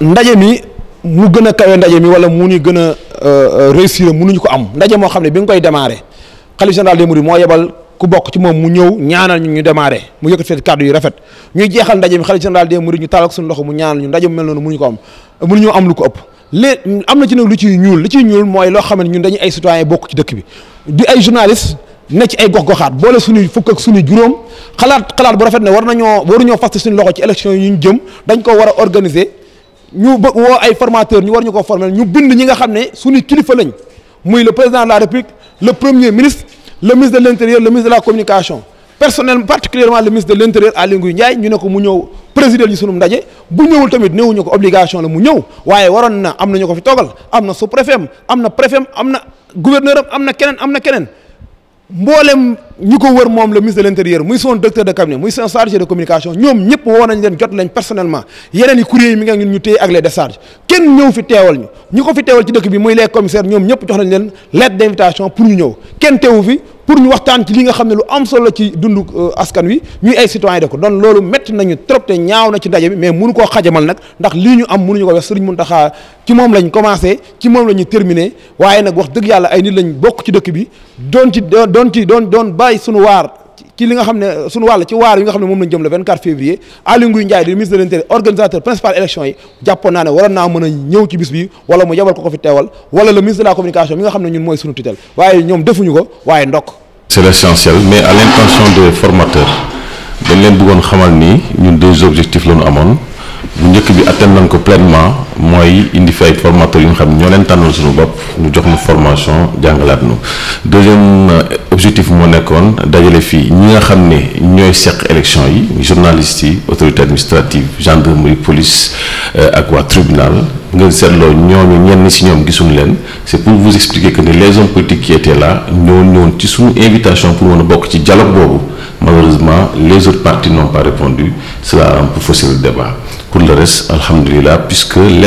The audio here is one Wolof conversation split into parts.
ndaje mi mu gën a kawe ndaje mi wala mu ni gën a euh, euh, réussir mënuñu ko am ndaje moo xam ne bi nga koy démarrer xalif général des mourides moo yebal ku bokk ci moom mu ñëw ñaanal ñu ñu démarrer mu yëkkati seen kàddu yu rafet ñuy jeexal ndaje mi xalif général des mourides ñu tàllal suñu loxo mu ñaanal ñu ndaje mu mel noonu mënuñu ko am mënuñu am lu ko ëpp lée am na ci nag lu ciy ñuul li ciy ñuul mooy loo xam ne ñun dañuy ay citoyen bokk ci dëkk bi di ay journaliste ne ci ay gox-goxaat boole suñuy fukk ak suñuy juróom xalaat xalaat bu rafet ne war nañoo waruñoo faste suñu loxo ci élection yi ñu jëm dañ ko war a Nous sommes formateurs nous war formateurs, former ñu bind ñi nga nous le président de la république le premier ministre le ministre de l'Intérieur, le ministre de la communication personnellement particulièrement le ministre de l'Intérieur, nous sommes Ndiaye ñu sommes mu de présider nous bu obligation la mu Nous sommes na sous gouverneur moi ñuko wër le ministre de l'intérieur muy son docteur de cabinet muy son chargé de communication ñom ñep woo nañ jot lañ personnellement yeneen courrier mi nga ñu ak les décharges ken fi ñu ñuko fi ci dëkk bi muy les commissaires ñom ñep jox nañ lettre d'invitation pour ñu ñëw ken teewu fi pour ñu waxtaan ci li nga xamné lu am solo ci dundu euh, askan wi ñuy ay citoyen de ko doon loolu metti nañu trop te ñaaw na ci ndaje bi mais mënu ko xajamal nak ndax li ñu am mënu ñu ko wax serigne Muntaxa ci mom lañ commencé ci mom la terminé wayé nak wax dëgg yalla ay nit lañ bokku ci dëkk bi don ci don ci don don bàyyi suñu waar ci li nga xamné ne suñu wàll ci waar yi nga xamné mom moom lañ jëm le 24 février Ali Nguy Ndiaye di ministre de l'intérieur organisateur principal élection yi jappo na ne waroon naa mën ñëw ci bis bi wala mu yebal ko ko fi téwal wala le ministre de la communication mi nga xamné ñun moy suñu tutel waye ñom defuñu ko waye ndokk c'est l'essentiel mais à l'intention des formateurs dañ leen bëggoon xamal ni ñun deux objectifs lañu amone bu njëkk bi atteindre nañ ko pleinement moy indi fay formateur yu nga xam ñoo leen suñu jox formation jàngalaat ñu deuxième euh, objectif moo nekkoon dajale fii ñi nga xam ne ñooy élection yi journalistes yi autorité administrative gendarmerie police euh, ak waa tribunal nga seetloo ñooñu ñenn si ñoom gisuñu leen c'est pour vous expliquer que les hommes politiques qui étaient là ñoo ñëwoon ci suñu invitation pour mën a bokk ci dialogue malheureusement les autres partis n'ont pas répondu cela a un peu le débat pour le reste alhamdulilah puisque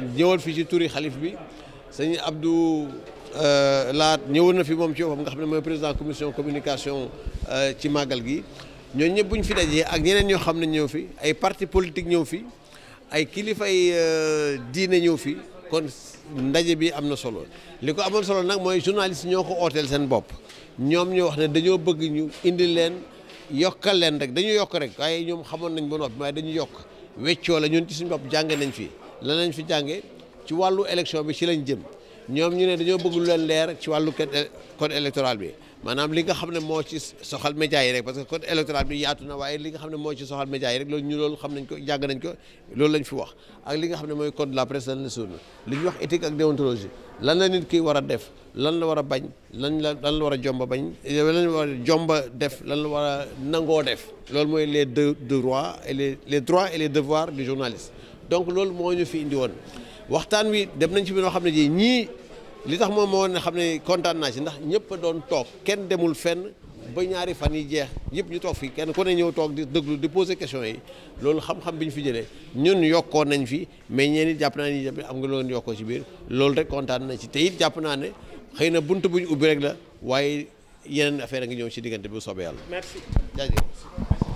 ñëwal fii ci turi xalif bi sëñ Abdou euh, Laat ñëwoon na fi moom ci boppam nga ne mooy président commission communication euh, ci màggal gi ñoo ñëpp bu ñu fi dajee ak ñeneen ñoo xam ne ñëw fi ay parti politique ñëw fi ay kilifay euh, diine ñëw fi kon ndaje bi am na solo li ko amoon solo nag mooy journaliste ñoo ko ooteel seen bopp ñoom ñoo wax ne dañoo bëgg ñu indi leen yokkal leen rek dañu yokk rek waaye ñoom xamoon nañ ba noppi waaye dañu yokk weccoo la ñun ci suñu bopp jàng nañ fii la lañ fi jànge ci wàllu élection bi ci lañ jëm ñoom ñu ne dañoo bëgg leen leer ci wàllu code électoral bi maanaam li nga xam ne moo ci soxal média yi rek que code électoral bi yaatu na waaye li nga xam ne moo ci soxal média yi ñu loolu xam nañ ko jàng nañ ko loolu lañ fi wax ak li nga xam ne mooy code de la presse lan la suul wax éthique ak lan la nit ki war a def lan la war a bañ lan la lan la war a jomba bañ lan la war a jomba def lan la war a nangoo def loolu mooy les deux droits et les les droits et les devoirs du journaliste donc loolu moo ñu fi indi woon waxtaan wi dem nañ ci bi noo xam ne ji ñii li tax moom moo ne xam ne kontaan naa ci ndax ñëpp doon toog kenn demul fenn ba ñaari fan yi jeex yëpp ñu toog fii kenn ku ne ñëw toog di déglu di poser question yi loolu xam-xam bi ñu fi jëlee ñun yokkoo nañ fi mais ñeen it jàpp naa ni am nga loon yokkoo ci biir loolu rek kontaan nañ ci te it jàpp naa ne xëy na bunt bu ñu ubbi rek la waaye yeneen affaire a ngi ñëw ci diggante bu soobee yàlla. merci jaajëf.